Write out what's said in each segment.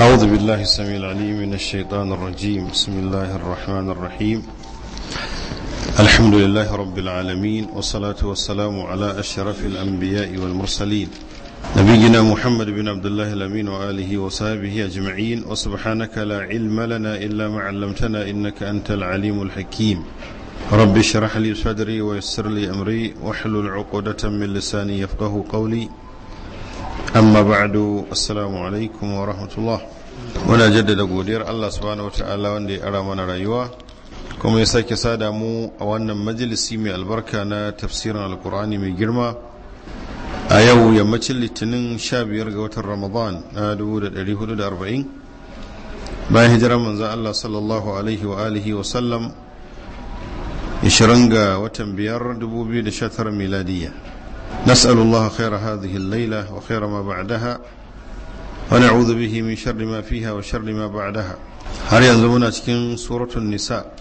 أعوذ بالله السميع العليم من الشيطان الرجيم بسم الله الرحمن الرحيم الحمد لله رب العالمين والصلاة والسلام على أشرف الأنبياء والمرسلين نبينا محمد بن عبد الله الأمين وآله وصحبه أجمعين وسبحانك لا علم لنا إلا ما علمتنا إنك أنت العليم الحكيم رب اشرح لي صدري ويسر لي أمري واحلل عقدة من لساني يفقه قولي amma ba'du assalamu alaikum wa rahmatullah muna jaddada godiyar Allah subhanahu wataala wanda ya ara mana rayuwa kuma ya sake sada mu a wannan majalisi mai albarka na tafsirin alkur'ani mai girma a yau yammacin litinin 15 ga watan ramadan na 1440 bayan hijirar manzan Allah sallallahu alaihi wa alihi wa sallam 20 ga watan 5 2019 miladiyya نسأل الله خير هذه الليلة وخير ما بعدها ونعوذ به من شر ما فيها وشر ما بعدها هل ينزمنا تكين سورة النساء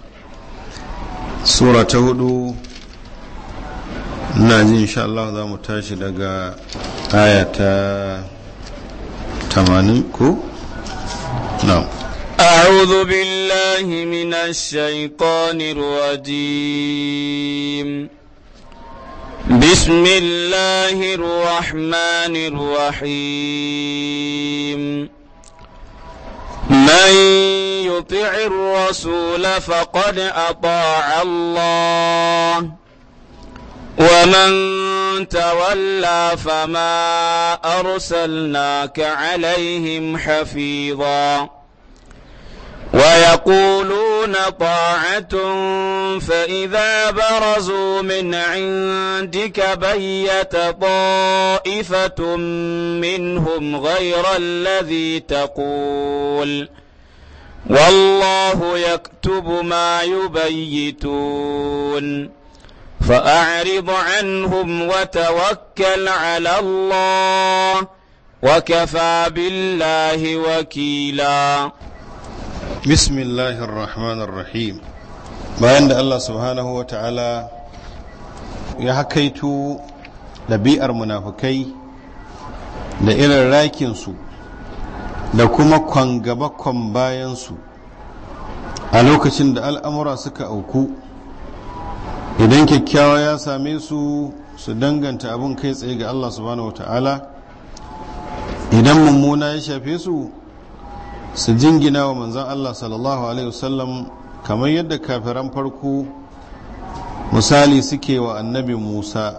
سورة تهدو ناجي إن شاء الله ذا متاشد آية تمانكو نعم أعوذ بالله من الشيطان الرجيم بسم الله الرحمن الرحيم من يطع الرسول فقد اطاع الله ومن تولى فما ارسلناك عليهم حفيظا ويقولون طاعة فإذا برزوا من عندك بيت طائفة منهم غير الذي تقول والله يكتب ما يبيتون فأعرض عنهم وتوكل على الله وكفى بالله وكيلاً bismillahir rahmanir rahim bayan da Allah subhanahu wa ta'ala ya hakaito ɗabi'ar munafukai da irin rakinsu da kuma kwangaba-kwan bayansu a lokacin da al'amura suka auku idan kyakkyawa ya same su su danganta abin kai tsaye ga Allah subhanahu wa ta'ala idan mummuna ya shafe su su jingina wa manzan Allah sallallahu alaihi wasallam kamar yadda kafiran farko misali suke wa annabi Musa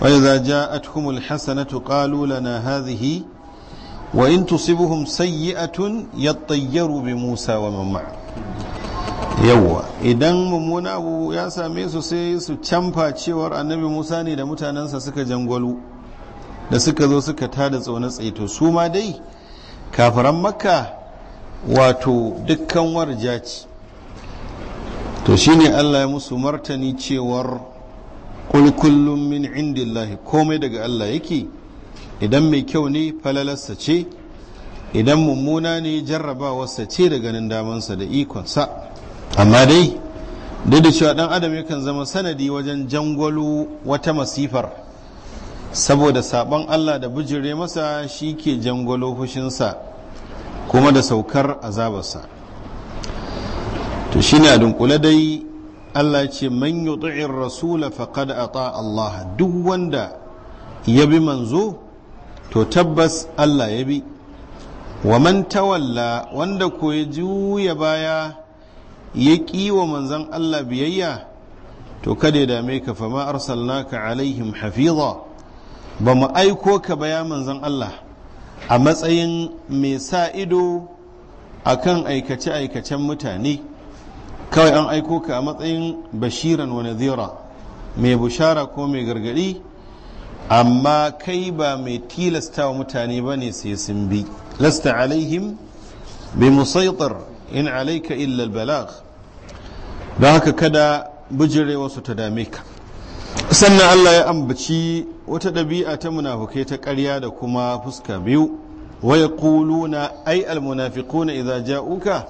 wa ja atkumul alhasanatu qalu lana hadhihi wa in tusibuhum sayyi'atun yattayyaru bi Musa wa man yawwa idan mummuna ya same su sai su camfa cewar annabi Musa ne da mutanensa suka jangwalu da suka zo suka tada tsaune tsaito su ma dai kafiran makka wato dukkan warja ce to shine allah ya musu martani cewar kul kullum min indillahi komai daga allah yake idan mai kyau ne falalarsa ce idan mummuna ne jarrabawarsa ce da ganin damansa da ikonsa amma dai duk da cewa dan adam yakan zama sanadi wajen jangwalo wata masifar saboda sabon Allah da bijire masa shi ke jangolo fushinsa kuma da saukar azabarsa to ne a dunkule dai Allah ce man yuti'ir rasula faqad ata Allah duk wanda ya bi manzo to tabbas Allah ya bi wa man tawalla wanda ko ya juya baya ya ƙi wa manzon Allah biyayya to kada ya dame ka fama arsalnaka alaihim hafiza ba mu aiko ka ba ya manzon Allah a matsayin mai sa ido a kan aikace-aikacen mutane kawai an aiko ka a matsayin bashiran wani zira mai bushara ko mai gargadi amma kai ba mai tilasta wa mutane ba ne sai sun bi lasta alaihim bi musaitar in alaika illa balagh don haka kada bujire wasu ta dame ka sannan Allah ya ambaci wata ɗabi'a ta munafukai ta ƙarya da kuma fuska biyu wa yaquluna ay al munafiquna idza ja'uka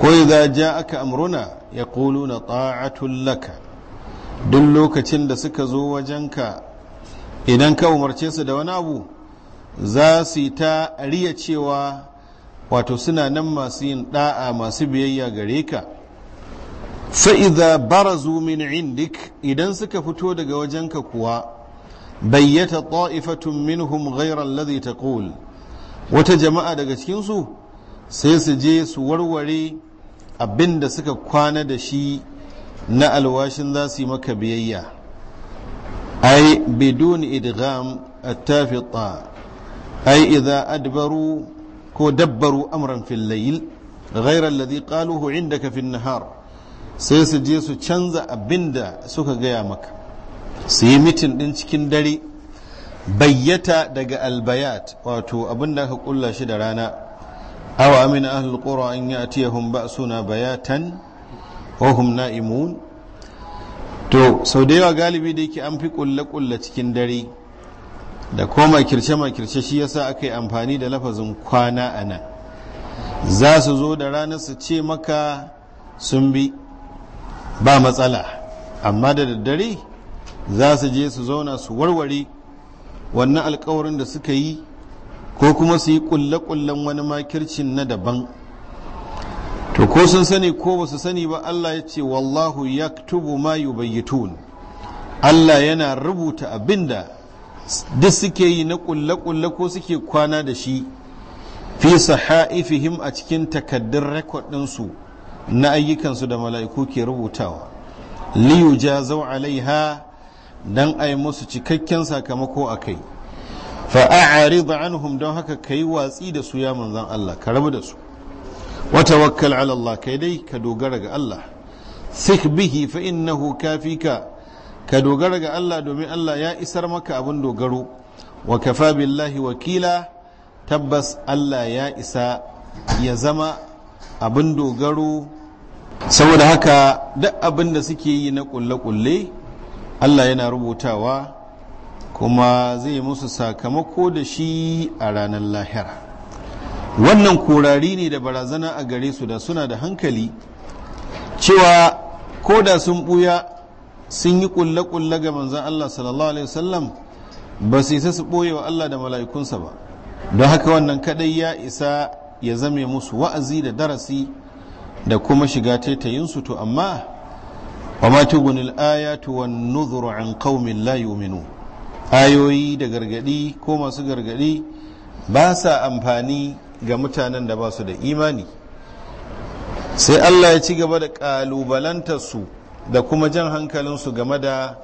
ko idza ja'aka amruna yaquluna ta'atul laka duk lokacin da suka zo wajenka idan ka umarce su da wani abu za su yi ta riya cewa wato suna nan masu yin da'a masu biyayya gare ka fa'iza barazu min indik idan suka fito daga wajenka kuwa bayyata ta'ifatun minhum ghairan ladhi taqul wata jama'a daga cikinsu sai su je su warware abin da suka kwana da shi na alwashin za su yi maka biyayya ai bidun idgham attafita ai idza adbaru ko dabbaru amran fil layl ghairan ladhi qaluhu indaka fin nahar sai su je su canza abin da suka gaya maka su yi mitin din cikin dare bayyata daga albayat wato abin da aka kulla shi da rana awa amina ahlul qura an ya'tiyahum suna bayatan wa hum na'imun to sau da yawa galibi da yake an fi kulle kulla cikin dare da koma kirce kirce shi yasa aka yi amfani da lafazin kwana a nan za su zo da rana su ce maka sun bi ba matsala amma da daddare za su je su zauna su warware wannan alkawarin da suka yi ko kuma su yi kulle-kullen wani makircin na daban to ko sun sani ko ba su sani ba Allah ya ce wallahu yaktubu ma yubayyitun Allah yana rubuta abinda duk suke yi na kulle-kulle ko suke kwana da shi fi sahaifihim a cikin takaddun rekod ɗinsu na ayyukansu da mala'iku ke rubutawa liyu jazau alaiha dan ai musu cikakken sakamako a kai fa'a'ari da anhum don haka ka yi watsi da su ya manzan Allah ka rabu da su wata wakkal ala Allah kai dai ka dogara ga Allah sik bihi fa innahu kafika ka dogara ga Allah domin Allah ya isar maka abin dogaro wa kafa billahi wakila tabbas Allah ya isa ya zama abin dogaro saboda haka duk abin da suke yi na kulle-kulle Allah yana rubutawa kuma zai musu sakamako da shi a ranar lahira wannan kurari ne da barazana a gare su da suna da hankali cewa ko da sun buya sun yi kulle-kulle ga manzan Allah sallallahu alaihi wasallam ba su isa su ɓoye wa Allah da mala'ikunsa ba don haka wannan kadai ya isa ya zame musu wa'azi da darasi da kuma shiga taitayinsu to amma wa ma tugunil ayatu wan nuzuru an qaumin la yu'minu ayoyi da gargadi ko masu gargadi ba sa amfani ga mutanen da ba su da imani sai Allah ya ci gaba da su da kuma jan hankalin su game da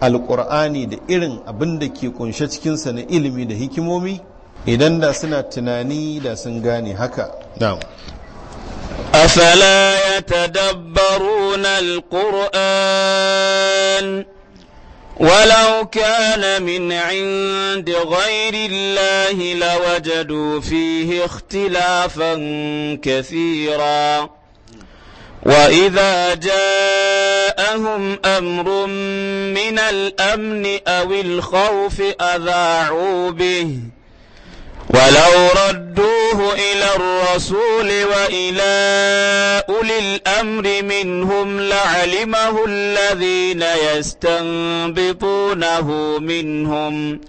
Alƙur'ani da irin abin da ke kunshe cikinsa na ilimi da hikimomi idan da suna tunani da sun gane haka na'am أفلا يتدبرون القرآن ولو كان من عند غير الله لوجدوا فيه اختلافا كثيرا وإذا جاءهم أمر من الأمن أو الخوف أذاعوا به ولو ردوه إلى الرسول وإلى أولي الأمر منهم لعلمه الذين يستنبطونه منهم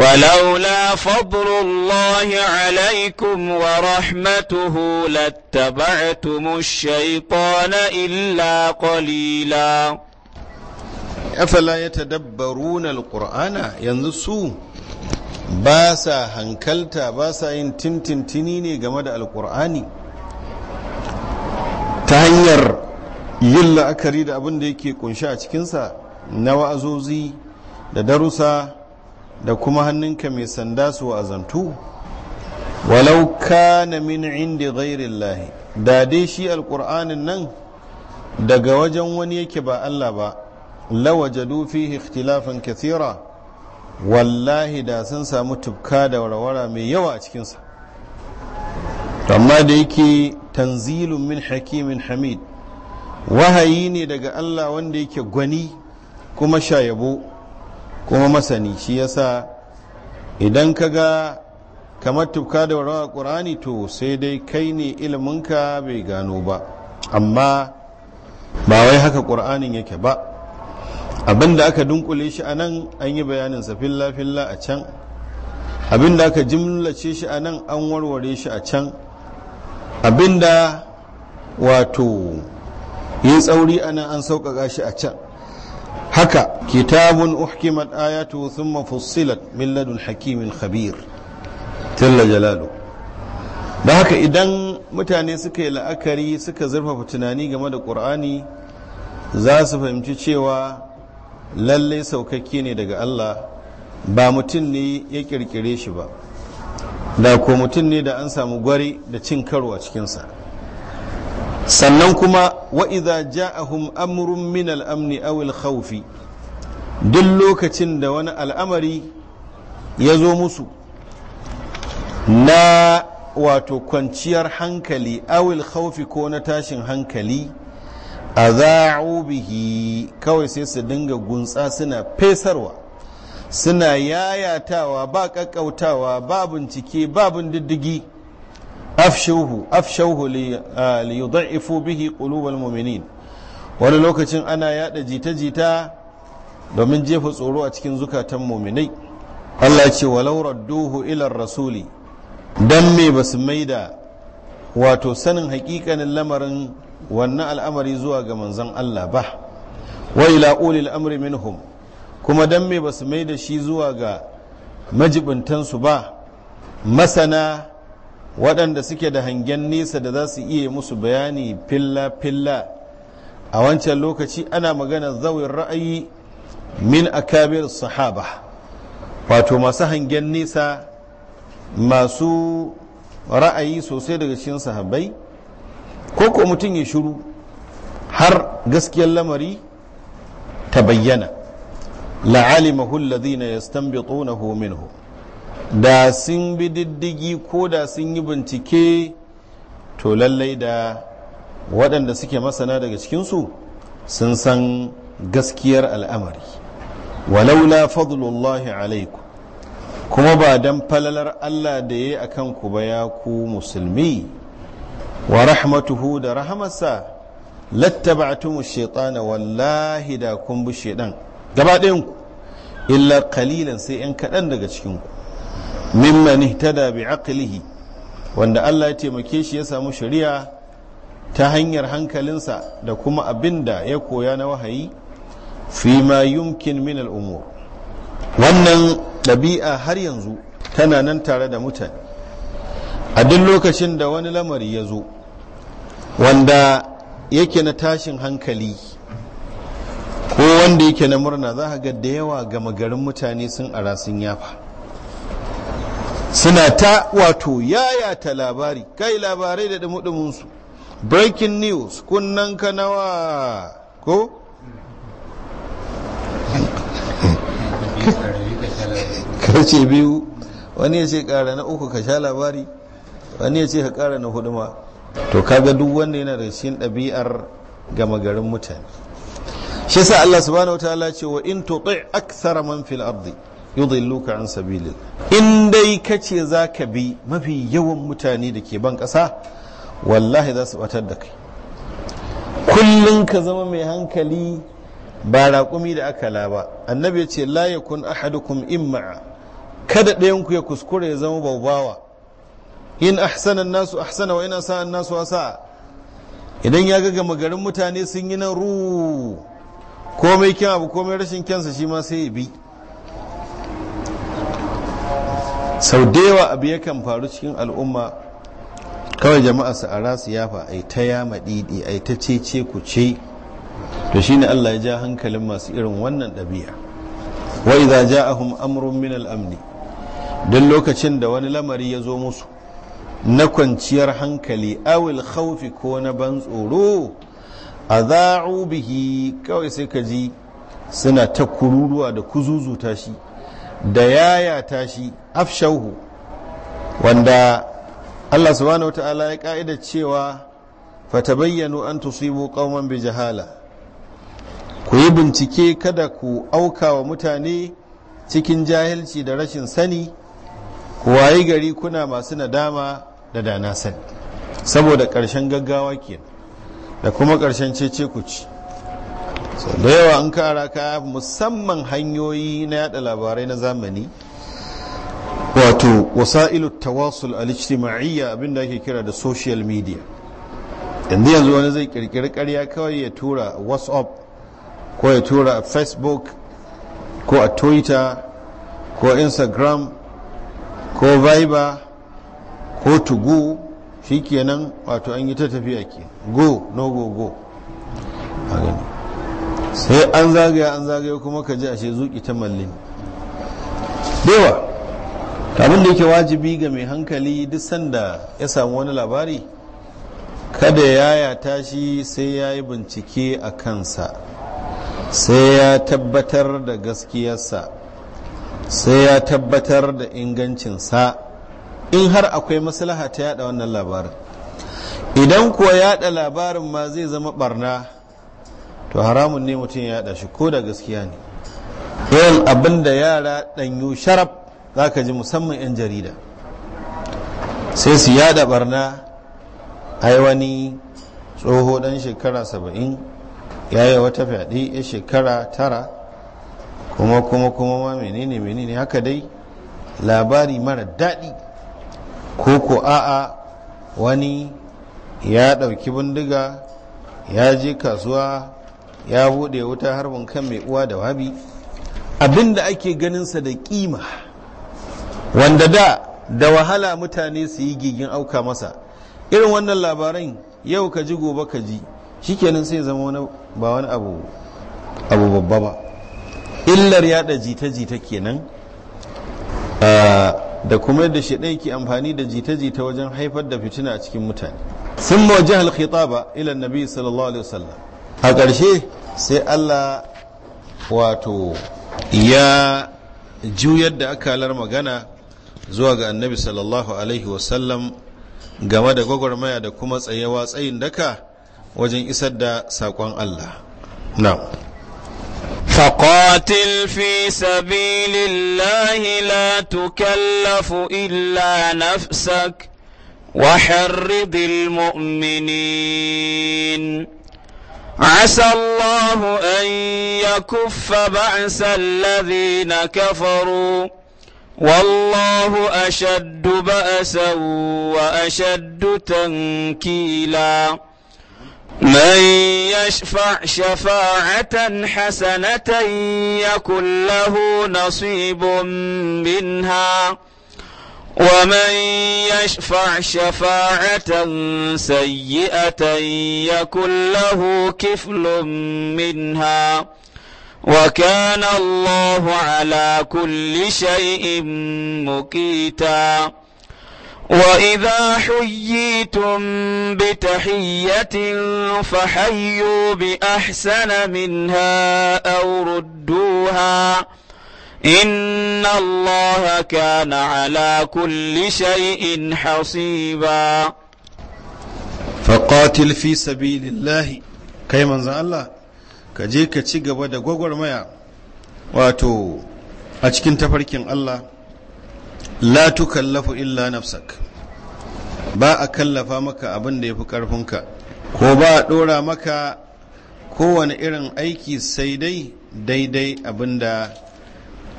ولولا فضل الله عليكم ورحمته لاتبعتم الشيطان إلا قليلا أفلا يتدبرون القرآن ينسوه ba sa hankalta ba sa yin tintintini ne game da alkur'ani ta hanyar yin la'akari da abin da yake kunshi a cikinsa na wa'azozi da darussa da kuma hannunka mai sanda su wa'azantu walau kana min inda lahi da dai shi alkur'anin nan daga wajen wani yake ba Allah ba lawajadu fihi ikhtilafan kathira wallahi da sun samu tufka da warware mai yawa a cikinsa amma da yake tanzilun min hakimin hamid wahayi ne daga allah wanda yake gwani kuma shayabo kuma masani shi yasa idan ka ga kamar tufka da warwara ƙurani to sai dai kai ne ka bai gano ba amma ba wai haka ƙur'anin yake ba abinda aka dunkule shi a nan an yi bayaninsa filla-filla a can abinda aka jimlace shi a nan an warware shi a can abinda wato yi tsauri a nan an sauƙaƙa shi a can haka kitabun uhkimat ayatu sun fussilat milladun hakimin khabir tilla jalalu da haka idan mutane suka yi la'akari suka zurfafa tunani game da ƙur'ani za su fahimci cewa lalle saukakke ne daga Allah ba mutum ne ya kirkire shi ba da ko mutum ne da an samu gwari da cin karo a cikinsa sannan kuma wa'iza ja'ahum amrun min al'amni awil khawfi duk lokacin da wani al'amari ya zo musu na wato kwanciyar hankali awil khawfi ko na tashin hankali adha'u bihi kawai sai su dinga gunsa suna fesarwa suna yayatawa ba kakkautawa ba bincike ba bin diddigi afshuhu afshuhu li bihi qulubal mu'minin wani lokacin ana yada jita-jita domin jefa tsoro a cikin zukatan mu'minai Allah ce walau radduhu ila rasuli dan me basu maida wato sanin hakikanin lamarin wannan al'amari zuwa ga manzon Allah ba wa ila ulil amri minhum kuma dan me basu mai da shi zuwa ga majibintansu ba masana waɗanda suke da hangen nesa da za su iya musu bayani filla-filla a wancan lokaci ana magana zawin ra'ayi min akabir sahaba wato masu hangen nesa masu ra'ayi sosai daga cikin sahabbai ko ko mutum ya shuru har gaskiyar lamari ta bayyana la'alimahu alladhina yastanbitunahu minhu da sun bi diddigi ko da sun yi bincike to lallai da waɗanda suke masana daga cikinsu sun san gaskiyar al'amari walaula fadlullahi alaikum kuma ba don falalar allah da ya yi a kanku ba ya ku musulmi wa rahmatuhu da rahamarsa lattaba'tum ash-shaytana wallahi da kun bi shaydan gaba ɗayan ku illa sai yan kaɗan daga cikin ku mimman ihtada bi aqlihi wanda Allah ya taimake shi ya samu shari'a ta hanyar hankalinsa da kuma abinda ya koya na wahayi fi ma yumkin min al-umur wannan ɗabi'a har yanzu tana nan tare da mutane a duk lokacin da wani lamari ya zo wanda yake na tashin hankali ko wanda yake na murna za ga da yawa gama garin mutane sun ara sun yafa suna ta wato yayata labari kai labarai da dumudumunsu breaking news kunnan kanawa ko karce biyu wani ya ce kara na uku ka sha labari wani ya ce ka kara na hudu ma to kaga duk wanda yana da cikin ɗabi'ar gama garin mutane shi sa Allah subhanahu wataala ce wa in tuti akthara man fil ardi yudilluka an sabilin in dai kace zaka bi mafi yawan mutane da ke ban ƙasa wallahi za su batar da kai kullum ka zama mai hankali ba raƙumi da akala ba annabi ya ce la yakun ahadukum imma kada ɗayan ku ya kuskure ya zama babawa in ahsana nasu ahsana wa in asa'a nasu asa'a idan ya ga gama garin mutane sun yi nan ru komai kyan abu komai rashin kyansa shi ma sai ya bi sau da yawa abu yakan faru cikin al'umma kawai jama'a su ara su yafa ai ta yama ta cece ku ce to shine Allah ya ja hankalin masu irin wannan ɗabi'a wa idza ja'ahum amrun min al-amni don lokacin da wani lamari ya zo musu na kwanciyar hankali awil khawfi ko na ban tsoro a za'u bihi kawai sai ka ji suna ta kururuwa da kuzuzuta shi da yayata shi afshauhu wanda Allah subhanahu wa ta'ala ya ka'ida cewa fatabayyanu an tusibu qauman bi jahala ku yi bincike kada ku auka wa mutane cikin jahilci da rashin sani ku wayi gari kuna masu nadama da da na saboda ƙarshen gaggawa ke da kuma ƙarshen cece ku ci da yawa an kara ka musamman hanyoyi na yada labarai na zamani wato wasa'ilu tawasul al-ijtima'iyya abinda ake kira da social media yanzu yanzu wani zai kirkiri karya kawai ya tura whatsapp ko ya tura a facebook ko a twitter ko instagram ko viber ko to go shi kenan wato an yi ta tafiya ke go no go go sai an zagaya an zagaya kuma ka ji ashe zuki ta mallin dewa abin da yake wajibi ga mai hankali duk sanda ya samu wani labari kada ya yata shi sai ya yi bincike a kansa sai ya tabbatar da gaskiyarsa sai ya tabbatar da ingancinsa in har akwai maslaha ta yada wannan labarin idan kuwa yada labarin ma zai zama barna to haramun ne mutum ya yada shi ko da gaskiya ne yawan abin da yara ɗanyu sharaf za ka ji musamman 'yan jarida sai su yada barna ai wani tsoho dan shekara saba'in ya yi wata fyaɗe ya shekara tara kuma kuma kuma ma menene menene haka dai labari mara daɗi ko ko a'a wani ya ɗauki bindiga ya je kasuwa ya buɗe wuta harbin kan mai uwa da wabi abinda ake ganinsa da ƙima wanda da da wahala mutane su yi gigin auka masa irin wannan labaran yau ka ji gobe ka ji shikenan sai zama wani ba wani abu abu babba ba illar yada jita-jita kenan ah, da kuma yadda shi ɗaya ke amfani da jita-jita wajen haifar da fitina a cikin mutane sun halkita ba ilan nabi sallallahu alaihi wasallam a ƙarshe sai allah wato ya juyar da akalar magana zuwa ga annabi sallallahu alaihi wasallam game da gwagwarmaya da kuma tsayewa tsayin daka wajen isar da saƙon allah na'am فقاتل في سبيل الله لا تكلف إلا نفسك وحرض المؤمنين عسى الله أن يكف بأس الذين كفروا والله أشد بأسا وأشد تنكيلاً من يشفع شفاعة حسنة يكن له نصيب منها ومن يشفع شفاعة سيئة يكن له كفل منها وكان الله على كل شيء مقيتاً وإذا حييتم بتحية فحيوا بأحسن منها أو ردوها إن الله كان على كل شيء حصيبا فقاتل في سبيل الله كي manzan Allah ka je ka ci gaba da gwagwarmaya wato a cikin la tukallafu illa nafsak ba a kallafa maka abin da ya fi ƙarfinka ko ba a ɗora maka kowane irin aiki sai dai daidai abin da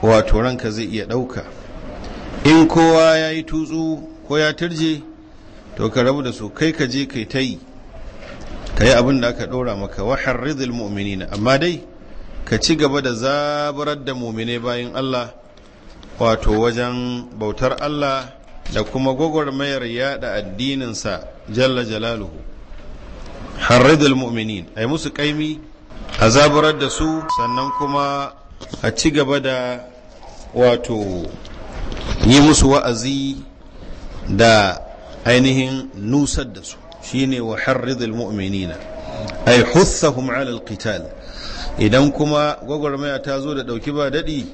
wato ranka zai iya ɗauka in kowa ya yi tutsu ko ya turje to ka rabu da su kai ka je kai ta yi ka yi abin da aka ɗora maka wa harrizul mu'minina amma dai ka ci gaba da zabarar da mumine bayan Allah wato wajen bautar Allah da kuma gwagwarmayar yada addininsa jalla jalaluhu harridul mu'minin ai musu kaimi a da su sannan kuma a ci gaba da wato yi musu wa'azi da ainihin nusar da su shine wa harridul mu'minina ai husahum ala alqital idan kuma gwagwarmaya ta zo da dauki ba dadi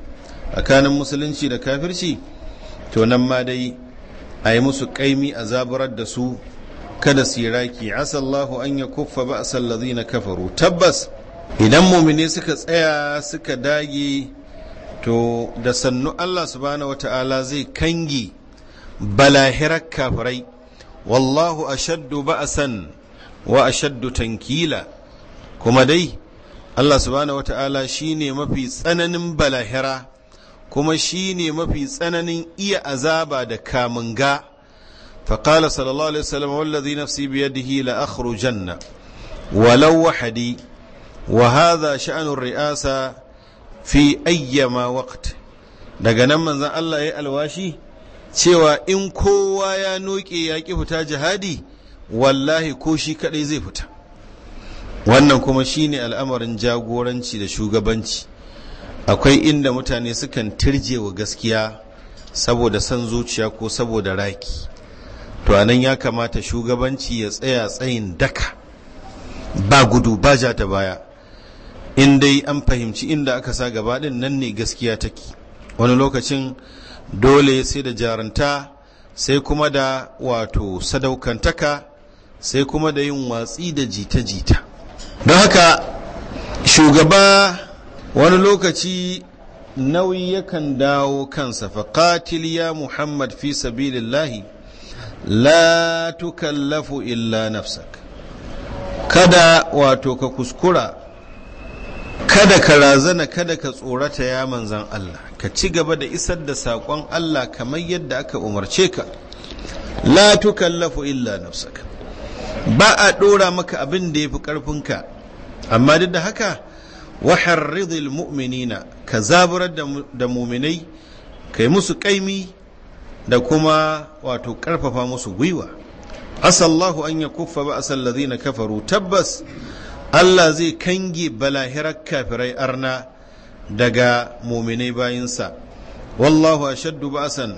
tsakanin musulunci da kafirci to nan ma dai a yi musu kaimi a zaburar da su kada su yi raki asallahu an ya kuffa ba asallazi na kafaru tabbas idan mumini suka tsaya suka dage to da sannu allah subhanahu wata'ala zai kangi balahirar kafirai wallahu ashaddu ba'asan wa ashaddu tankila kuma dai allah subhanahu wata'ala shine mafi tsananin balahira kuma shi ne mafi tsananin iya azaba da kamunga faƙala sallallahu alaihi wasallam wallazi nafsi biyadihi la akhrujanna walau wahadi wa hadha sha'anu ri'asa fi ayyama waqt daga nan manzon Allah ya alwashi cewa in kowa ya noke ya ki fita jihadi wallahi ko shi kadai zai fita wannan kuma shine al'amarin jagoranci da shugabanci akwai inda mutane sukan tirje wa gaskiya saboda son zuciya ko saboda raki to anan ya kamata shugabanci ya tsaya tsayin daka ba gudu ba ja ta baya in dai an fahimci inda aka sa gaba din nan ne gaskiya take wani lokacin dole sai da jaranta sai kuma da wato sadaukantaka sai kuma da yin watsi da jita-jita don haka shugaba wani lokaci nauyi yakan dawo kansa faƙatil ya muhammad fi sabilillahi la tukallafu illa nafsak kada wato ka kuskura kada ka razana kada ka tsorata ya manzan Allah ka ci gaba da isar da saƙon Allah kamar yadda aka umarce ka la tukallafu illa nafsak. ba a ɗora maka abin da ya fi ƙarfinka amma duk da haka waharridil mu'minina ka zaburar da muminai kai musu kaimi da kuma wato ƙarfafa musu gwiwa asallahu an ya kuffa ba asallazi na kafaru tabbas allah zai kange balahirar kafirai arna daga muminai bayinsa wallahu ashaddu ba'san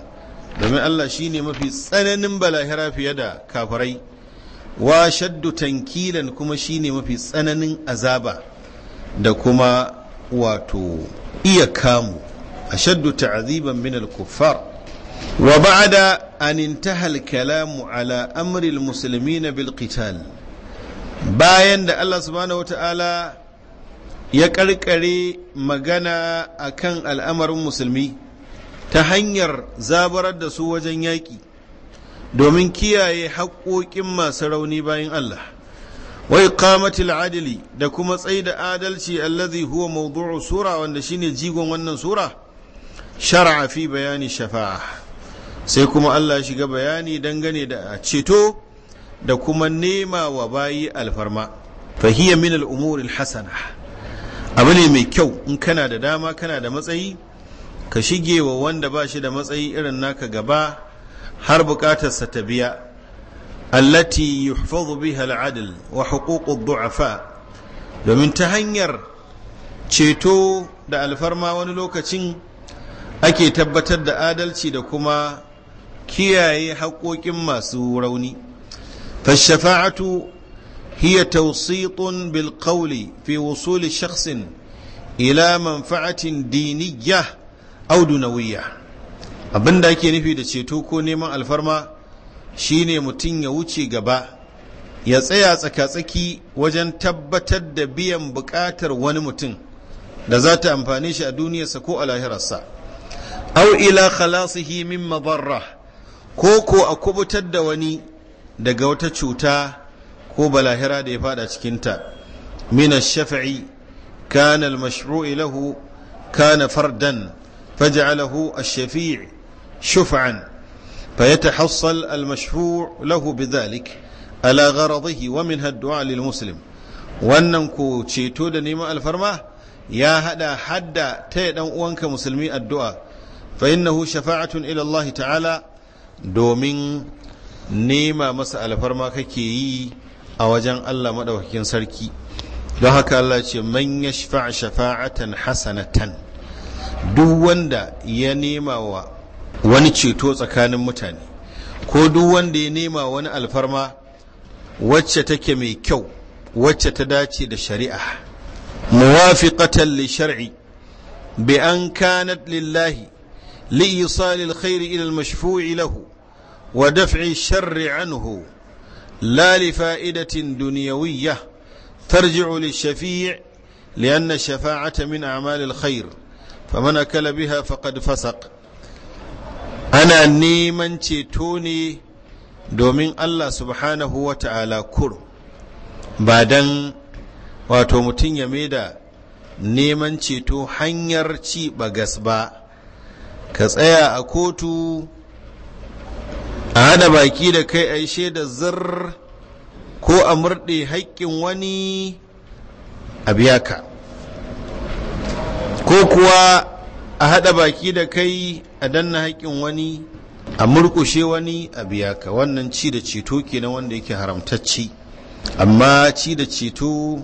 domin allah shine mafi tsananin balahira fiye da kafirai wa shaddu tankilan kuma shine mafi tsananin azaba da kuma wato iya kamu ashaddu ta'ziban min al-kuffar wa ba'da an intaha al-kalamu ala amri al-muslimina bil qital bayan da Allah subhanahu wata'ala ya karkare magana akan al'amarin musulmi ta hanyar zabarar da su wajen yaƙi domin kiyaye haƙoƙin masu rauni bayan Allah Wai iqamatil adli da kuma tsaida adalci allazi huwa mawdu'u sura wanda shine jigon wannan sura Sharafi bayanin shafa'a sai kuma Allah shiga bayani dangane da ceto da kuma nema wa bayi alfarma fahiya min al-umuri al abu ne mai kyau in kana da dama kana da matsayi ka shige wa wanda ba shi da matsayi irin naka gaba har bukatarsa ta biya allati yuhfazu biha al'adl wa huququd du'afa domin ta hanyar ceto da alfarma wani lokacin ake tabbatar da adalci da kuma kiyaye haƙoƙin masu rauni fashafa'atu hiya tawsitun bil qawli fi wusuli shaksin ila manfa'atin diniyya aw dunawiyya abinda ake nufi da ceto ko neman alfarma shine mutum ya wuce gaba ya tsaya tsakatsaki wajen tabbatar da biyan bukatar wani mutum da za ta amfani shi a duniyarsa ko a lahirarsa au ila khalasihi min madarra ko ko a kubutar da wani daga wata cuta ko balahira da ya fada cikinta min shafi'i kana al-mashru'i lahu kana fardan faj'alahu ash-shafi' shuf'an فيتحصل المشفوع له بذلك على غرضه ومنها الدعاء للمسلم wannan ko ceto da neman alfarma ya hada hadda ta yi uwanka musulmi addu'a fa innahu shafa'atun ila Allah ta'ala domin nema masa alfarma kake yi a wajen Allah maɗaukakin sarki don haka Allah ce man ya shafa'atan hasanatan duk wanda ya nema wa wani ceto tsakanin mutane ko duk wanda ya nema wani alfarma wacce take mai kyau wacce ta dace da shari'a muwafiqatan li shar'i bi an kanat lillahi li isal alkhair ila almashfu'i lahu wa daf'i sharri anhu la li fa'idatin dunyawiyyah tarji'u lishafii' لأن الشفاعة من أعمال الخير فمن أكل بها فقد فسق ana neman ceto ne domin Allah subhanahu wa ta'ala kur ba don wato mutum ya maida neman ceto hanyar ci bagas ba ka tsaya a kotu a hada baki da kai a da zir ko a murɗe haƙƙin wani abiyaka ko kuwa a haɗa baki da kai a danna haƙƙin wani a murƙushe wani a biya ka wannan ci da ceto kenan wanda yake haramtacce amma ci da ceto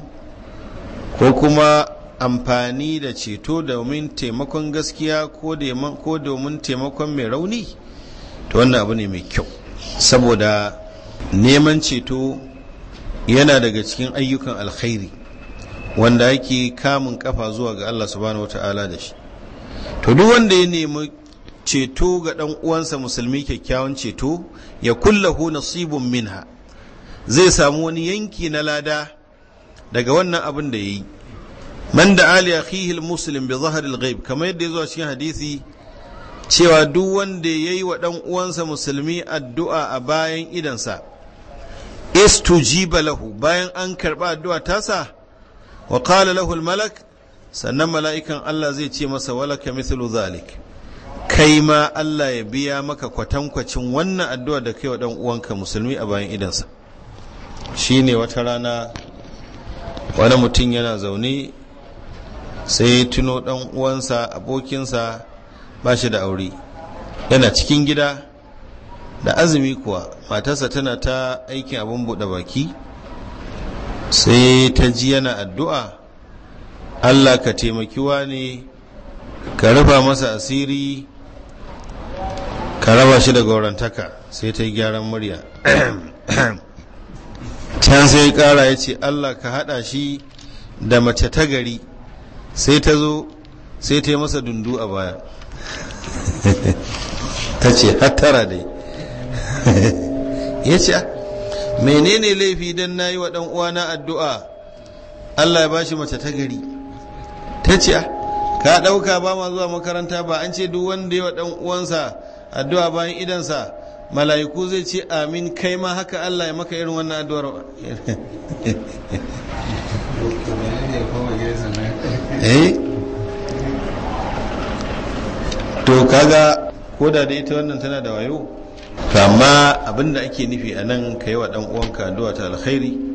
ko kuma amfani da ceto domin taimakon gaskiya ko domin taimakon mai rauni to wannan abu ne mai kyau saboda neman ceto yana daga cikin ayyukan alkhairi wanda ake kamun kafa zuwa ga allah subhanahu wa ta'ala da shi to duk wanda ya nemi ceto ga ɗan uwansa musulmi kyakkyawan ceto ya kullahu nasibun minha zai samu wani yanki na lada daga wannan abin da yayi yi man da ali akhihi muslim bi zahril ghaib kamar yadda ya cikin hadisi cewa duk wanda yayi wa ɗan uwansa musulmi addu'a a bayan idansa istujiba lahu bayan an karba addu'a tasa wa qala lahu malak sannan mala'ikan Allah zai ce masa walaka mithlu zalik kai ma Allah ya biya maka kwatankwacin wannan addu'a da kai wa ɗan uwanka musulmi a bayan idansa ne wata rana wani mutum yana zaune sai tuno ɗan uwansa abokinsa ba shi da aure yana cikin gida da azumi kuwa matarsa tana ta aikin abin buɗe baki sai ta ji yana addu'a Allah ka taimaki ne ka rufa masa asiri ka raba shi da gaurantaka sai ta yi gyaran murya can sai kara ya ce Allah ka hada shi da mace ta gari sai ta zo sai ta yi masa dundu a baya ta ce hattara dai ya ce ah, menene laifi don na yi wa na addu'a Allah ya ba shi mace ta gari ta ce ka ɗauka ba ma zuwa makaranta ba an ce duk wanda yawa ɗan uwansa addu'a bayan idansa mala'iku zai ce amin kai ma haka Allah ya maka irin wannan addu'ar eh to kaga ko da dai ita wannan tana da wayo to amma abinda ake nufi a nan ka yi wa ɗan uwanka addu'a ta alkhairi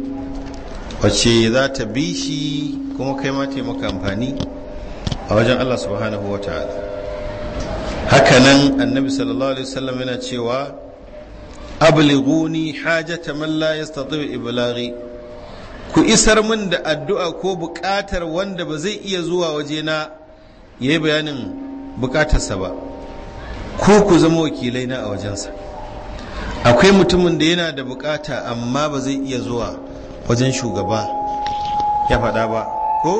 wacce za ta bi shi kuma kai ma taimaka amfani a wajen Allah subhanahu wa ta'ala hakanan annabi sallallahu alaihi wasallam yana cewa ablighuni hajata man la yastati iblaghi ku isar min da addu'a ko bukatar wanda ba zai iya zuwa wajena yayi bayanin bukatarsa ba ko ku zama wakilai na a wajensa akwai mutumin da yana da bukata amma ba zai iya zuwa wajen shugaba ya faɗa ba ko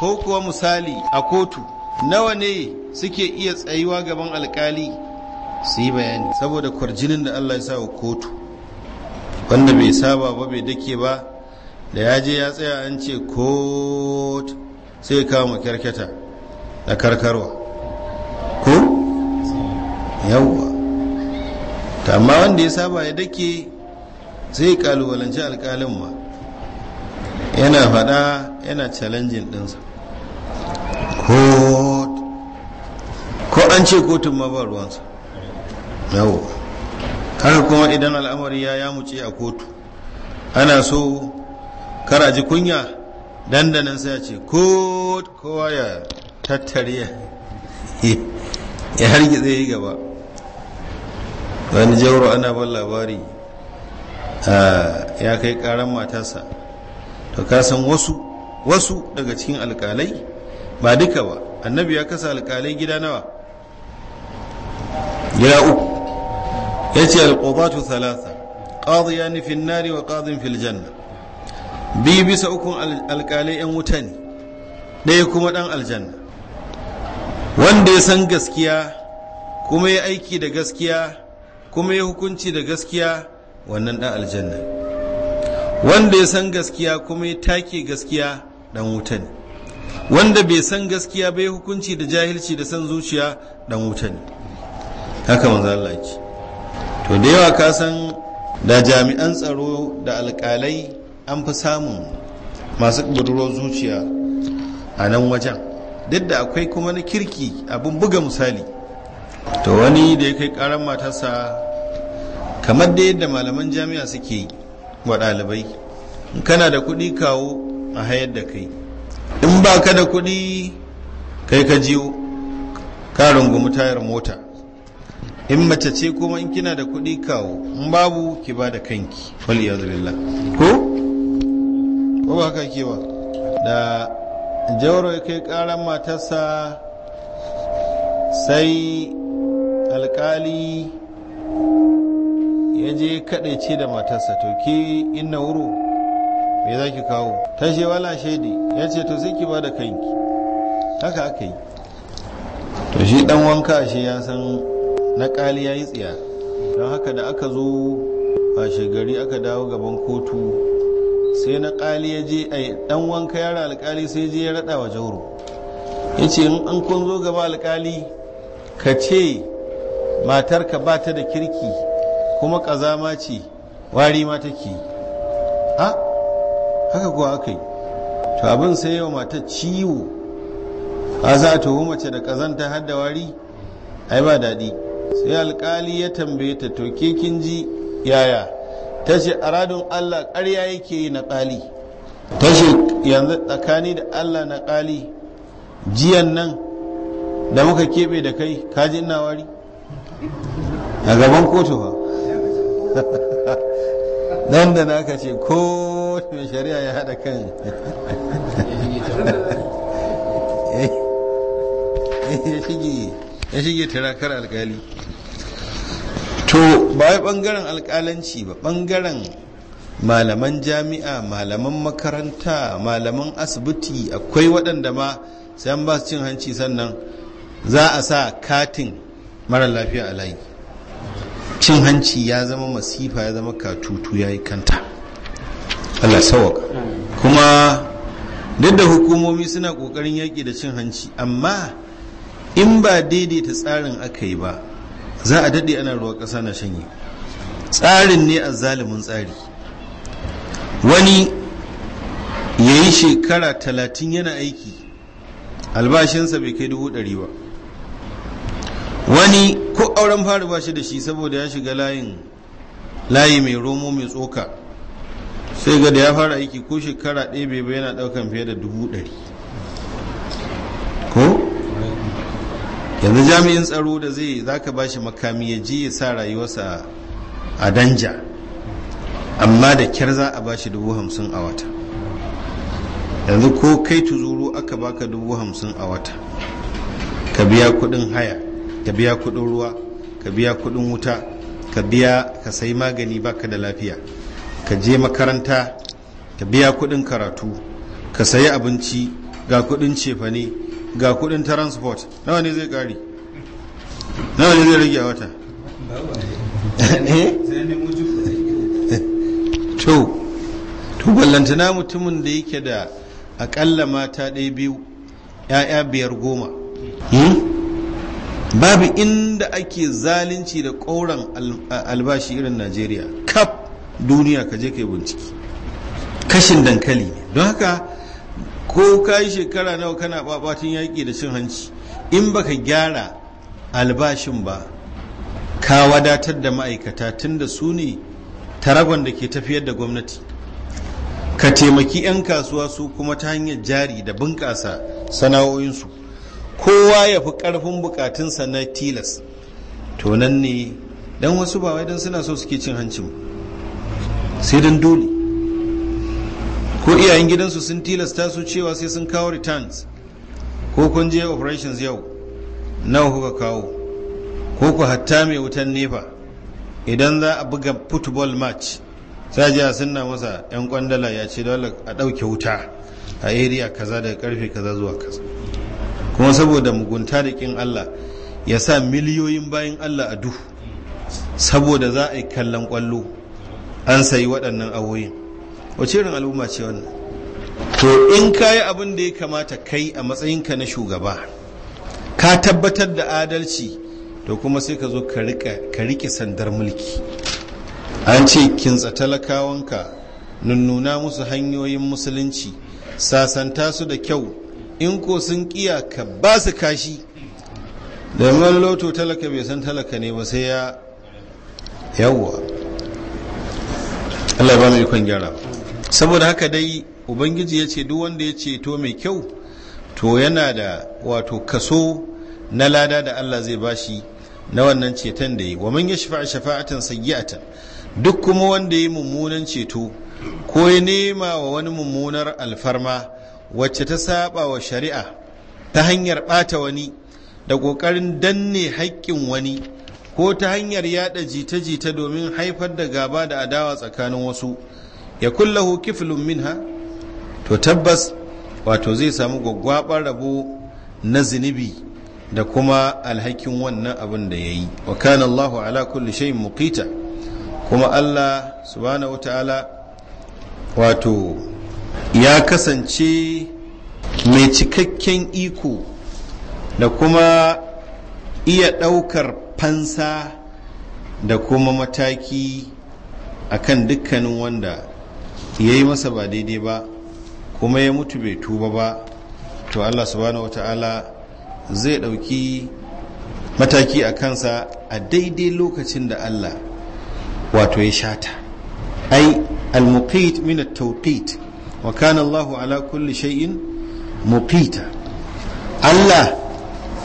ko kuwa misali a kotu nawa ne suke iya tsayuwa gaban alkali su yi bayani saboda kwarjinin da Allah ya sa wa kotu wanda bai saba ba bai dake ba da ya je ya tsaya an ce kotu sai kama kyarkyata da karkarwa ko yawwa ta amma wanda ya saba ya dake sai kalubalanci alkalin ma yana faɗa yana challenging ɗinsa ko an ce kotun ma ba ruwansa yawo haka kuma idan al'amari ya yamuce a kotu ana so a ji kunya dandanan sai ce ko kowa ya tattare ya zai yi gaba wani jauro ana ban labari ah, ya kai karan matarsa to ka san wasu wasu daga cikin alkalai ba duka ba annabi ya kasa alkalai gida nawa gida uku ya ce alƙobatu thalatha ƙazi ya nufin nari wa ƙazin filjanna. biyu bisa ukun alkalai yan wuta ne ɗaya kuma ɗan aljanna wanda ya san gaskiya kuma ya aiki da gaskiya kuma ya hukunci da gaskiya wannan ɗan aljanna wanda ya san gaskiya kuma ya take gaskiya dan wuta ne wanda bai san gaskiya bai hukunci da jahilci da san zuciya dan wuta ne haka manzo Allah yake to da yawa ka san da jami'an tsaro da alƙalai an fi samun masu budurwar zuciya a nan wajen duk da akwai kuma na kirki abin buga misali to wani da ya kai karan matarsa kamar da yadda malaman jami'a suke yi wa ɗalibai kana da kuɗi kawo a hayar da kai in ba ka da kuɗi kai ka jiyo ka rungumi tayar mota in mace ce kuma in kina da kuɗi kawo in babu ki ba da kanki waliyazulillah ko ko ba haka ke da jawarwa kai ƙaran matarsa sai alkali ya je ce da matarsa to ke inna wuro me za ki kawo ta ce wala shaidi ya ce to sai ki ba da kanki haka aka yi to shi dan wanka shi ya san na ƙali ya yi tsiya don haka da aka zo a shigari aka dawo gaban kotu sai na ƙali ya je a dan wanka yara alƙali sai je ya raɗa wa jauro ya ce in an kun zo gaba alƙali ka ce matarka ba ta da kirki kuma kazama ce wari ma take a haka kuwa aka yi to abin sai yau mata ciwo a za ta hu mace da kazanta har da wari ai ba daɗi sai alkali ya tambaye ta to kin ji yaya ta ce aradun allah ƙarya yake yi na ƙali ta ce yanzu tsakani da allah na ƙali jiyan nan da muka keɓe da kai kaji ina wari a gaban kotu ba nan da naka ce ko mai shari'a ya haɗa kan eh, eh, ya shige tirakar alkali to ba ya ɓangaren alkalanci ba ɓangaren malaman jami'a malaman makaranta malaman asibiti akwai waɗanda ma sai an ba su cin hanci sannan za a sa katin mara lafiya a layi cin hanci ya zama masifa ya zama katutu ya yi kanta allah kuma duk da hukumomi suna kokarin yaƙi da cin hanci amma in ba daidaita tsarin aka yi ba za a daɗe ana ruwa ƙasa na shanye tsarin ne a zalimin tsari wani ya yi shekara talatin yana aiki albashinsa bai kai dubu ɗari ba wani ko auren fara ba shi da shi saboda ya shiga layin layi mai romo mai tsoka sai ga da ya fara aiki ko shekara ɗaya bai bai yana ɗaukan fiye da dubu ɗari ko yanzu jami'in tsaro da zai za ka ba shi makami ya ji ya sa rayuwarsa a danja amma da kyar za a ba shi dubu hamsin a wata yanzu ko kai tuzuru aka baka dubu hamsin a wata ka biya kuɗin haya ka biya kudin ruwa ka biya kudin wuta ka biya ka sayi magani baka da lafiya ka je makaranta ka biya kudin karatu ka sayi abinci ga kudin cefane ga kudin transport nawa ne zai kari nawa ne zai rage a wata eh? to to ballantana mutumin da yake da akalla mata ɗaya biyu 'ya'ya biyar goma hmm? babu inda ake zalunci da ƙoran albashi irin najeriya kaf duniya ka je ka yi bincike kashin dankali ne don haka ko ka yi shekara nawa kana babatun yaƙi da cin hanci in baka gyara albashin ba ka wadatar da ma'aikata tun da su ne taragon da ke tafiyar da gwamnati ka taimaki 'yan kasuwa su kuma ta hanyar jari da bunƙasa sana'o'insu kowa ya fi karfin bukatunsa na tilas tonan ne don wasu ba wai suna so suke cin hancin sai don dole ko iyayen gidansu sun tilasta su cewa sai sun kawo returns ko kun je operations yau nawa kuka kawo ko ku hatta mai wutan nefa idan za a buga football match sai a sunna masa yan kwandala ya ce dole a ɗauke wuta a area kaza daga karfe kaza zuwa kaza kuma saboda mugunta da kin Allah ya sa miliyoyin bayan Allah a duhu saboda za a yi kallon kwallo an sayi waɗannan awoyin wace irin al'umma ce wannan to in kayi yi abin da ya kamata kai a matsayinka na shugaba ka tabbatar da adalci to kuma sai ka zo ka riƙe sandar mulki an ce kintsa talakawanka nunnuna musu hanyoyin musulunci sasanta su da kyau in ko sun kiya ka ba su kashi man loto talaka bai san talaka ne ba sai ya yawwa Allah ba mai kwan gyara saboda haka dai ubangiji ya ce duk wanda ya ceto mai kyau to yana da wato kaso na lada da Allah zai bashi na wannan ceton da yi wa man shafa'a shafa'atan sayyi'atan duk kuma wanda ya yi mummunan ceto ko ya nema wa wani mummunar alfarma wacce ta saba wa shari'a ta hanyar ɓata wani da ƙoƙarin danne haƙƙin wani ko ta hanyar yaɗa jita-jita domin haifar da gaba da adawa tsakanin wasu ya kullahu kiflun minha to tabbas wato zai samu gwaggwabar rabo na zunubi da kuma alhakin wannan abin da ya yi wa kana Allahu ala kulli shay'in muqita kuma Allah subhanahu wa ta'ala wato ya kasance mai cikakken iko da kuma iya ɗaukar fansa da kuma mataki akan dukkanin wanda ya yi masa ba daidai ba kuma ya mutu bai tuba ba to allah subhanahu wata'ala zai ɗauki mataki a kansa a daidai lokacin da allah wato ya shata ai al-muqit min wa kana Allahu ala kulli shay'in muqita Allah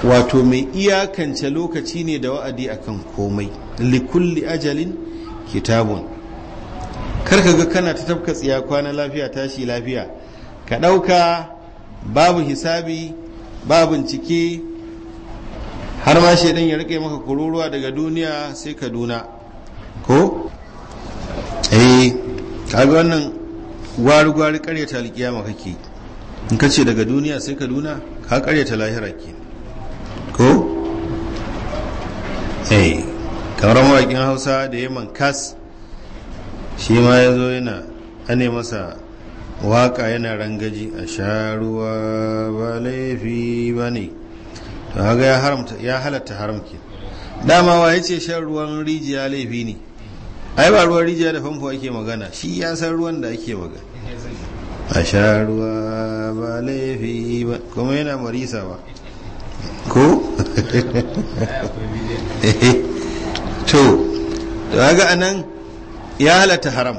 wato mai iyakance lokaci ne da wa'adi akan komai li kulli ajalin kitabun ka ga kana ta tafka tsiya kwana lafiya tashi lafiya ka ɗauka babu hisabi ba cike har ma shaidan ya rike maka kururuwa daga duniya sai kaduna ko eh kaga wannan gwari-gwari karyata alkiyama kake in ka ce daga duniya sai ka duna? ka karyata lahira ke ko? eh kamar mawakin hausa da ya mankas shi ma ya zo yana ane masa waƙa yana rangaji a sharuwa ba laifi ba ne to haga ya halatta haram ke dama wa ya ce shan ruwan rijiya laifi ne ai ba ruwan rijiya da famfo ake magana shi ya san ruwan da ake magana a sha ruwa ba laifi ba kuma yana marisa ba ko? to daga anan ya halatta haram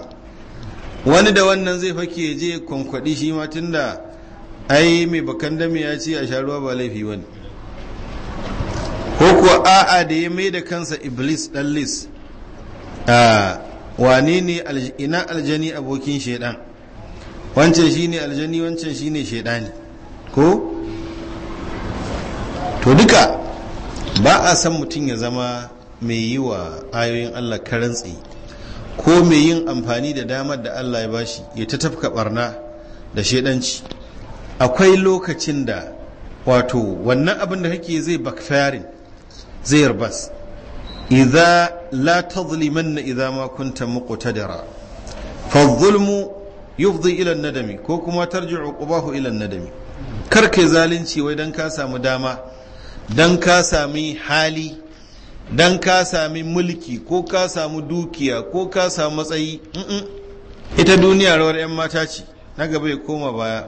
wani da wannan zai fake je kwankwadi shi ma da ai mai bakan dami ya ce a sha ruwa ba laifi ba ne ko kuwa a'a da ya mai da kansa iblis ɗan lis wane ne ina aljani abokin shaidan wancan shi ne aljani wancan shi ne shaidani ko to duka ba a san mutum ya zama mai yi wa ayoyin allah karantsi ko mai yin amfani da damar da allah ya bashi ya ta tafka barna da shaidanci akwai lokacin da wato wannan abin da kake zai backfiring zai yarbas idza la tazlimanna idza ma kunta muqtadira fa adh-dhulmu yufdi ila nadami ko kuma tarji'u qubahu ila nadami kar kai zalunci wai dan ka samu dama dan ka sami hali dan ka sami mulki ko ka samu dukiya ko ka samu matsayi ita duniya rawar 'yan mata ce na gaba ya koma baya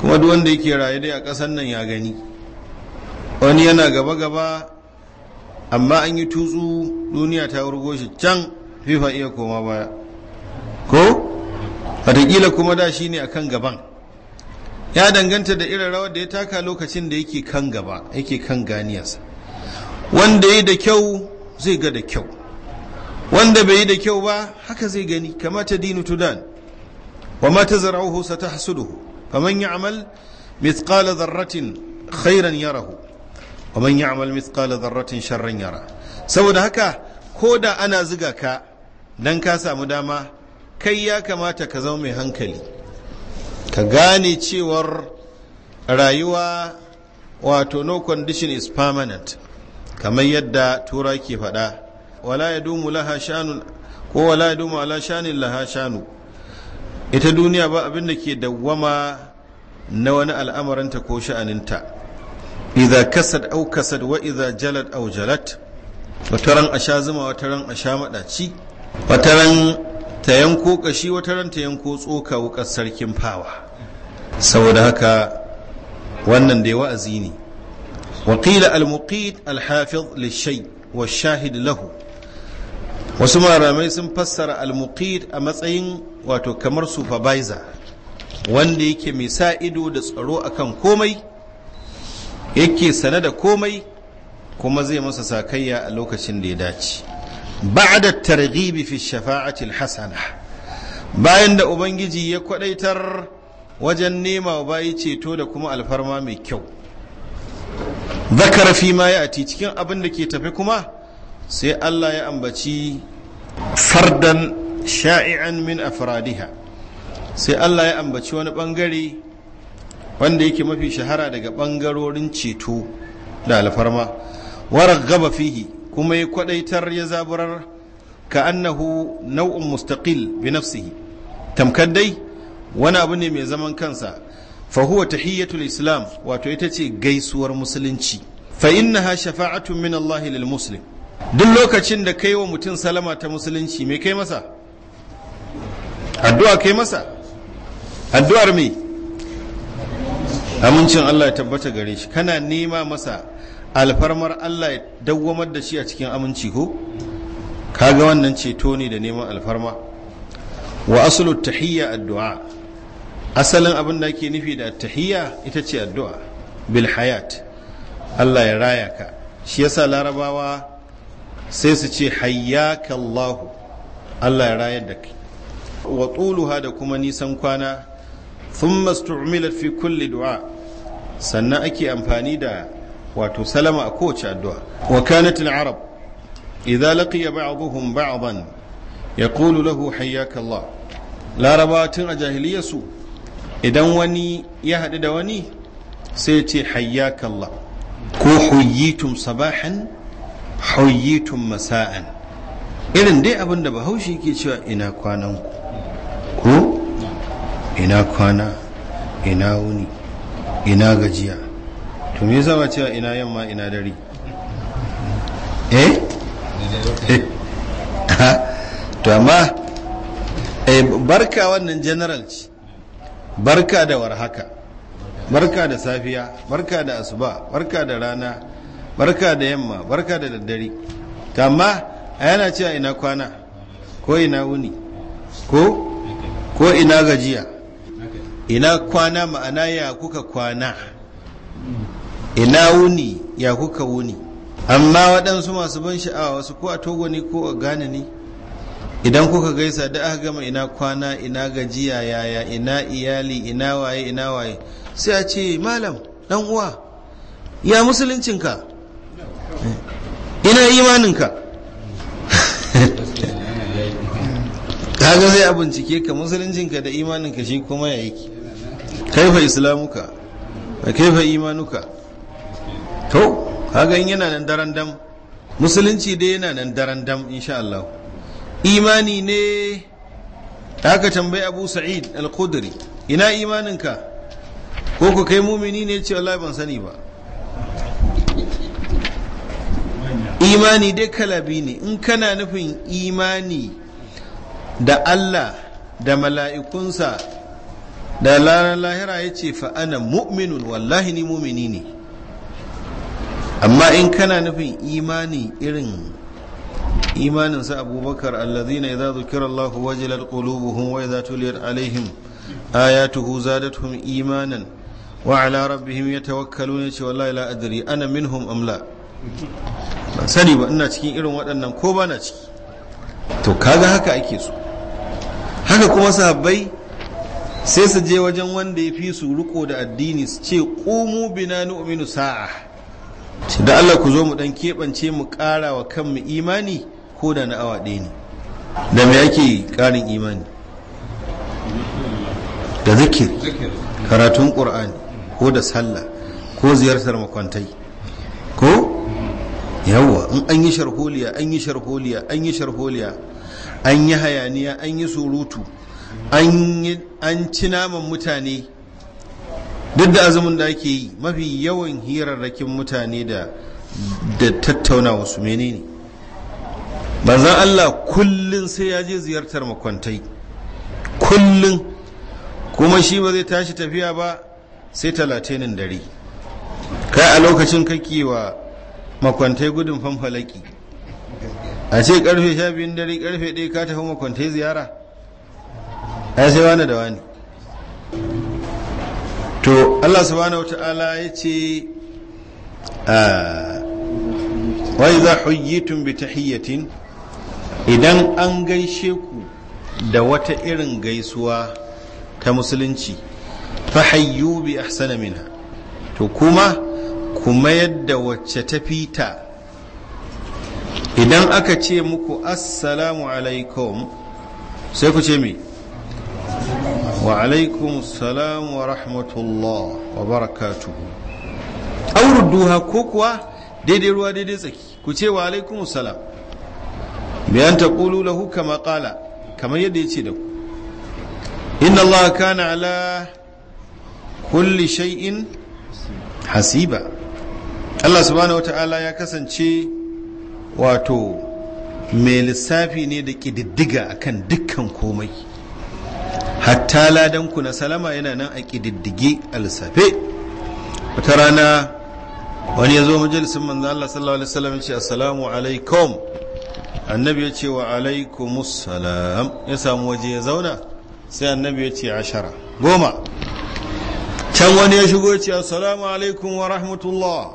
kuma duk wanda yake raye dai a ƙasar nan ya gani wani yana gaba-gaba amma an yi tutsu duniya ta wurgo shi can fifa iya koma baya ko watakila kuma da shi ne a kan gaban ya danganta da irin rawar da ya taka lokacin da yake kan gaba yake kan ganiyarsa wanda yi da kyau zai ga da kyau wanda bai yi da kyau ba haka zai gani kamata dinu tudan wa ma tazra'uhu satahsuduhu faman amal mithqala zarratin khairan yarahu wa man ya'mal mithqala dharratin sharran yara saboda haka ko da ana zuga ka dan ka samu dama kai ya kamata ka zama mai hankali ka gane cewar rayuwa wato no condition is permanent kamar yadda tura ke faɗa wala ya dumu laha shanu ko wala ya dumu ala shanin laha shanu ita duniya ba abin da ke dawwama na wani al'amarinta ko sha'aninta idza kasad au kasad wa idza jalat au jalat wataran a sha zuma wataran a sha madaci wataran ta yanko kashi wataran ta yanko tsoka wukar sarkin fawa saboda haka wannan dai wa'azi ne وقيل المقيت الحافظ للشيء والشاهد له wasu maramai sun fassara al almuqid a matsayin wato kamar supervisor wanda yake mai sa ido da tsaro akan komai yake sane da komai kuma zai masa sakayya a lokacin da ya dace ba'da targhibi fi shafa'atil hasana bayan da ubangiji ya kwadaitar wajen nema wa bayi ceto da kuma alfarma mai kyau zakara fi ma ya ati cikin abin da ke tafi kuma sai Allah ya ambaci fardan sha'i'an min afradiha sai Allah ya ambaci wani bangare wanda yake mafi shahara daga ɓangarorin ceto da alfarma warar gaba fihi kuma ya kwadaitar ya zaburar ka annahu nau'in mustaqil bi nafsihi tamkar dai wani abu ne mai zaman kansa fa huwa tahiyyatul islam wato ita ce gaisuwar musulunci fa innaha shafa'atun min Allah lil muslim duk lokacin da kai wa mutum salama ta musulunci me kai masa addu'a kai masa addu'ar me amincin Allah ya tabbata gare shi kana nema masa alfarmar Allah ya dawwamar da shi a cikin aminci ko kaga wannan ceto ne da neman alfarma wa aslu tahiyya addu'a asalin abin da ake nufi da tahiyya ita ce addu'a bil hayat Allah ya raya ka shi yasa larabawa sai su ce hayyaka Allah Allah ya rayar da kai wa tsuluha da kuma nisan kwana thumma istu'milat fi kulli du'a sannan ake amfani da wato salama a kowace addu'a wa kanat al-arab idza laqiya ba'dhum ba'dan yaqulu lahu hayyaka Allah laraba tun a jahiliyarsu idan wani ya haɗu da wani sai ce hayyaka Allah ko huyyitum sabahan huyyitum masa'an irin dai abinda da bahaushe ke cewa ina kwananku ina kwana ina wuni ina gajiya to me yasa ba cewa ina yamma ina dare eh to amma eh barka wannan general ci, barka da warhaka barka da safiya barka da asuba barka da rana barka da yamma barka da daddare to amma yana cewa ina kwana ko ina wuni ko ko ina gajiya ina kwana ma'ana ya kuka kwana ina wuni ya kuka wuni amma waɗansu masu ban sha'awa wasu ko a togo ne ko a ghana ne idan kuka gaisa da aka gama ina kwana ina gajiya yaya ina iyali ina waye ina waye sai a ce malam dan uwa ya musuluncinka ina imaninka kaga sai a bincike ka musuluncinka da imaninka shi kuma ya yake kaifa islamuka da kaifa imanuka to kaga in yana nan daren dam musulunci dai yana nan daren dam insha Allah imani ne aka tambayi Abu Sa'id al qudri ina imaninka ko ku kai mumini ne ce wallahi ban sani ba imani dai kalabi ne in kana nufin imani da Allah da mala'ikunsa da ranar lahira ya ce fa'ana mu'minun wallahi ni mumini ne amma in kana nufin imani irin imanin sa abubakar allazina idza zukira allahu wajilat qulubuhum wa idza tuliyat alaihim ayatuhu zadatuhum imanan wa ala rabbihim ya ce wallahi la adri ana minhum am la ban sani ba ina cikin irin waɗannan ko ba na ciki to kaga haka ake so haka kuma sahabbai sai su je wajen wanda ya fi su riko da addini su ce ƙumu bina nu'minu sa'a da Allah ku zo mu dan keɓance mu ƙara wa kanmu imani ko da na awa ɗaya ne da me ake ƙarin imani da zikir karatun ƙur'ani ko da sallah ko ziyartar makwantai ko yawwa in an yi sharholiya an yi sharholiya an yi sharholiya an yi hayaniya an yi surutu an ci naman mutane duk da azumin da ake yi mafi yawan hirarrakin mutane da da tattauna su menene banzan Allah kullun sai ya je ziyartar makwantai kullun kuma shi ba zai tashi tafiya ba sai talatinin dare kai a lokacin kake wa makwantai gudun fanfalaki a ce karfe sha biyun dare karfe ɗaya ka tafi makwantai ziyara ai sai wani da wani to Allah subhanahu ta'ala ya ce ah, wa idza huyyitum bi tahiyyatin idan an gaishe ku da wata irin gaisuwa ta musulunci fa hayyu bi ahsana minha to kuma kuma yadda wacce ta fita idan aka ce muku assalamu alaikum sai ku ce mi. وعليكم السلام ورحمة الله وبركاته ردوها كوكوا ديدي روا ديدي زكي كتير وعليكم السلام بأن تقولوا له كما قال كما يدي تدو إن الله كان على كل شيء حسيبا الله سبحانه وتعالى يا كسن شيء واتو mai lissafi ne da ƙididdiga akan dukkan komai hatta ladanku na salama yana nan a ƙididdige a lissafe wata rana wani ya zo majalisun manzo Allah sallallahu alaihi wasallam ce assalamu alaikum annabi ya ce wa alaikumus salam ya samu waje ya zauna sai annabi ya ce ashara goma can wani ya shigo ya ce assalamu alaikum wa rahmatullah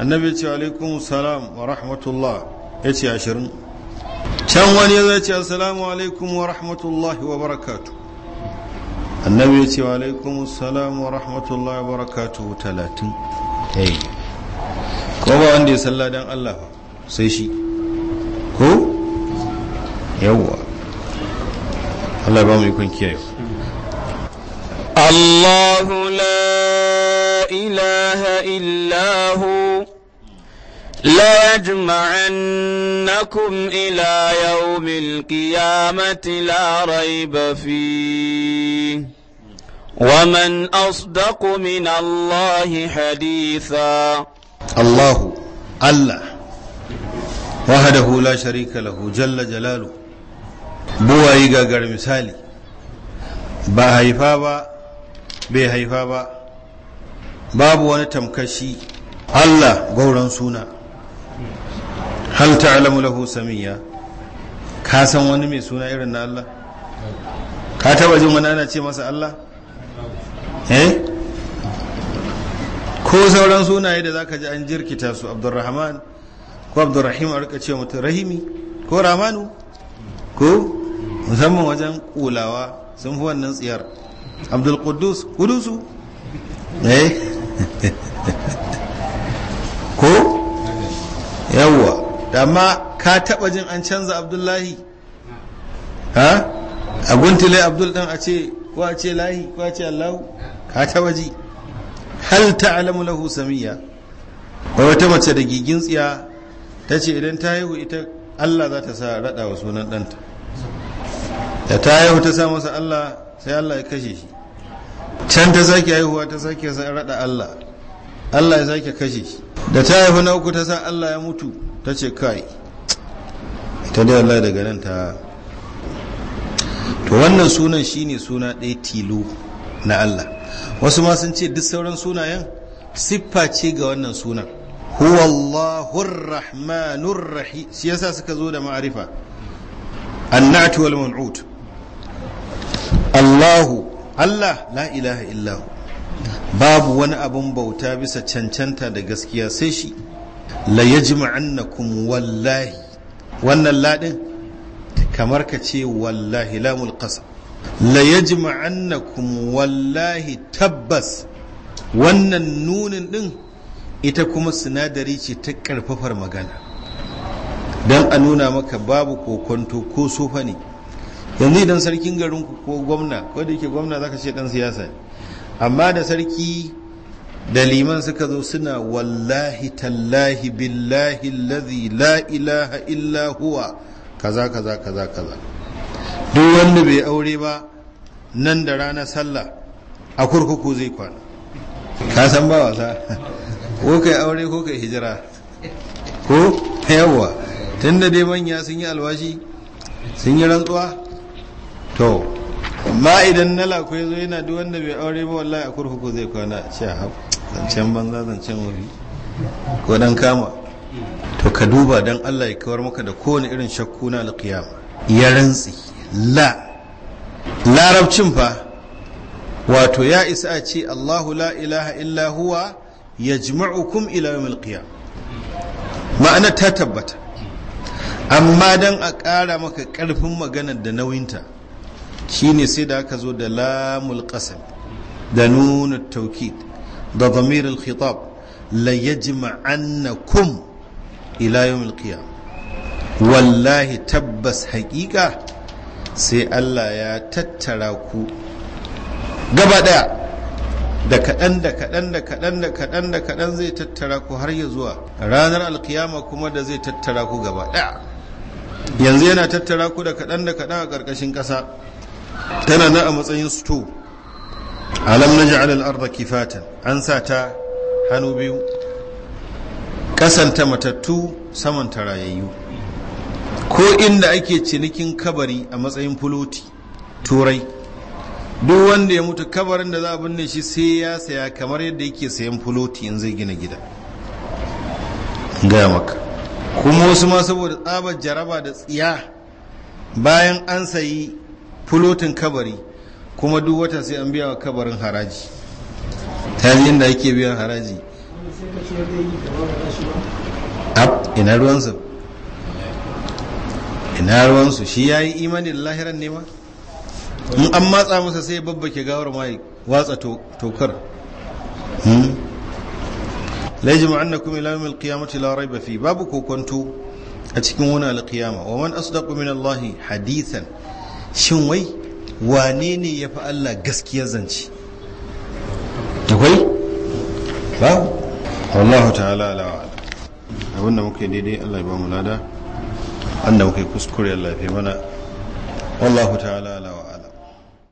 annabi ya ce alaikum salam wa rahmatullah ya ce ashirin can wani ya zai ce assalamu alaikum wa rahmatullahi wa barakatu annabi ya ce wa alaikun salam wa rahmatullahi wa barakatuhu talatin ko ba wanda ya salla don allah sai shi ko yawwa allah ba mu ikon kiyaye الله لا إله إلا هو لا يجمعنكم إلى يوم القيامة لا ريب فيه ومن أصدق من الله حديثا الله الله وحده لا شريك له جل جلاله بواي غاغر مثالي با هيفابا با بي هيفا باب وانا تمكشي الله غوران سونا هل تعلم له سميا كاسا ونمي سونا إرنا الله كاتب جمعنا ka taba الله Eh? ko sauran sunaye da zaka ji an jirkita su abdurrahman ko abdurrahim a rika mutum rahimi ko ramanu ko musamman wajen kulawa sun fi wannan tsiyar abdulkudus kudusu eh ko yawwa amma ka taba jin an canza abdullahi ha a guntule abdul din a ce ko a ce lahi ko a ce allahu ka taba hal ta'lamu lahu samiya wa wata mace da gigin tsiya ta ce idan ta haihu ita Allah za ta sa rada wa sunan ɗanta da ta haihu ta sa masa Allah sai Allah ya kashe shi can ta sake haihuwa ta sake sa rada Allah Allah ya sake kashe shi da ta haihu na uku ta sa Allah ya mutu ta ce kai ta dai Allah daga nan ta to wannan sunan shine suna ɗaya tilo na Allah wasu ma sun ce duk sauran sunayen siffa ce ga wannan sunan huwallahun rahmanun rahi shi yasa suka zo da ma'arifa annatu wal man'ut Allahu Allah la ilaha illahu babu wani abun bauta bisa cancanta da gaskiya sai shi la yajma'annakum wallahi wannan laɗin? kamar ka ce wallahi lamul qasam la yajma'annakum wallahi tabbas wannan nunin din ita kuma sinadari ce ta karfafar magana don a nuna maka babu kokonto ko sofa ne yanzu idan sarkin garinku ko gwamna ko da yake gwamna zaka ce dan siyasa amma da sarki da liman suka zo suna wallahi tallahi billahi lazi la ilaha illa huwa kaza kaza kaza kaza duk wanda bai aure ba nan da ranar sallah a kurkuku zai kwana ka san ba wasa ko kai aure ko kai hijira ko yawwa tun da dai manya sun yi alwashi sun yi rantsuwa to ma idan na lakwai zo yana duk wanda bai aure ba wallahi a kurkuku zai kwana ce hau zancen banza zancen wuri ko dan kama to ka duba don allah ya kawar maka da kowane irin shakku na alkiyama ya rantsi la larabcin fa wato ya isa a ce Allahu la ilaha illa huwa ya ila yawmil qiyam ma'ana ta tabbata amma dan a ƙara maka ƙarfin maganar da nauyinta shine sai da aka zo da lamul qasam da nuna taukid da dhamir al khitab la yajma'annakum ila yawmil qiyam wallahi tabbas haƙiƙa sai Allah ya tattara ku gaba daya da kaɗan da kaɗan da kaɗan da kaɗan da kaɗan zai tattara ku har ya zuwa ranar alkiyama kuma da zai tattara ku gaba daya yanzu yana tattara ku da kaɗan da kaɗan a ƙarƙashin ƙasa tana na a matsayin sto alam na alal arba kifatan an sa ta hannu biyu ƙasanta matattu saman tarayayyu ko inda ake cinikin kabari a matsayin fuloti turai duk wanda ya mutu kabarin da za a binne shi sai ya saya kamar yadda yake sayan fuloti in zai gina gida gaya maka kuma wasu ma saboda tsabar jaraba da tsiya bayan an sayi fulotin kabari kuma duk wata sai an biya wa kabarin haraji ta inda ake biyan haraji ina ruwansa ina ruwansu shi ya yi imani da lahiran nema in an matsa masa sai babbake gawar mai watsa tokar hmm? laji ma'annakum kuma yawmil qiyamati la ba fi babu kokonto a cikin wani alkiyama wa man asdaqu min Allah hadithan shin wai wane ne ya fi Allah gaskiyar zance akwai babu wallahu ta'ala ala abinda muke daidai Allah ya ba mu lada wanda muka yi kuskure lafi mana wallahu ta'ala ala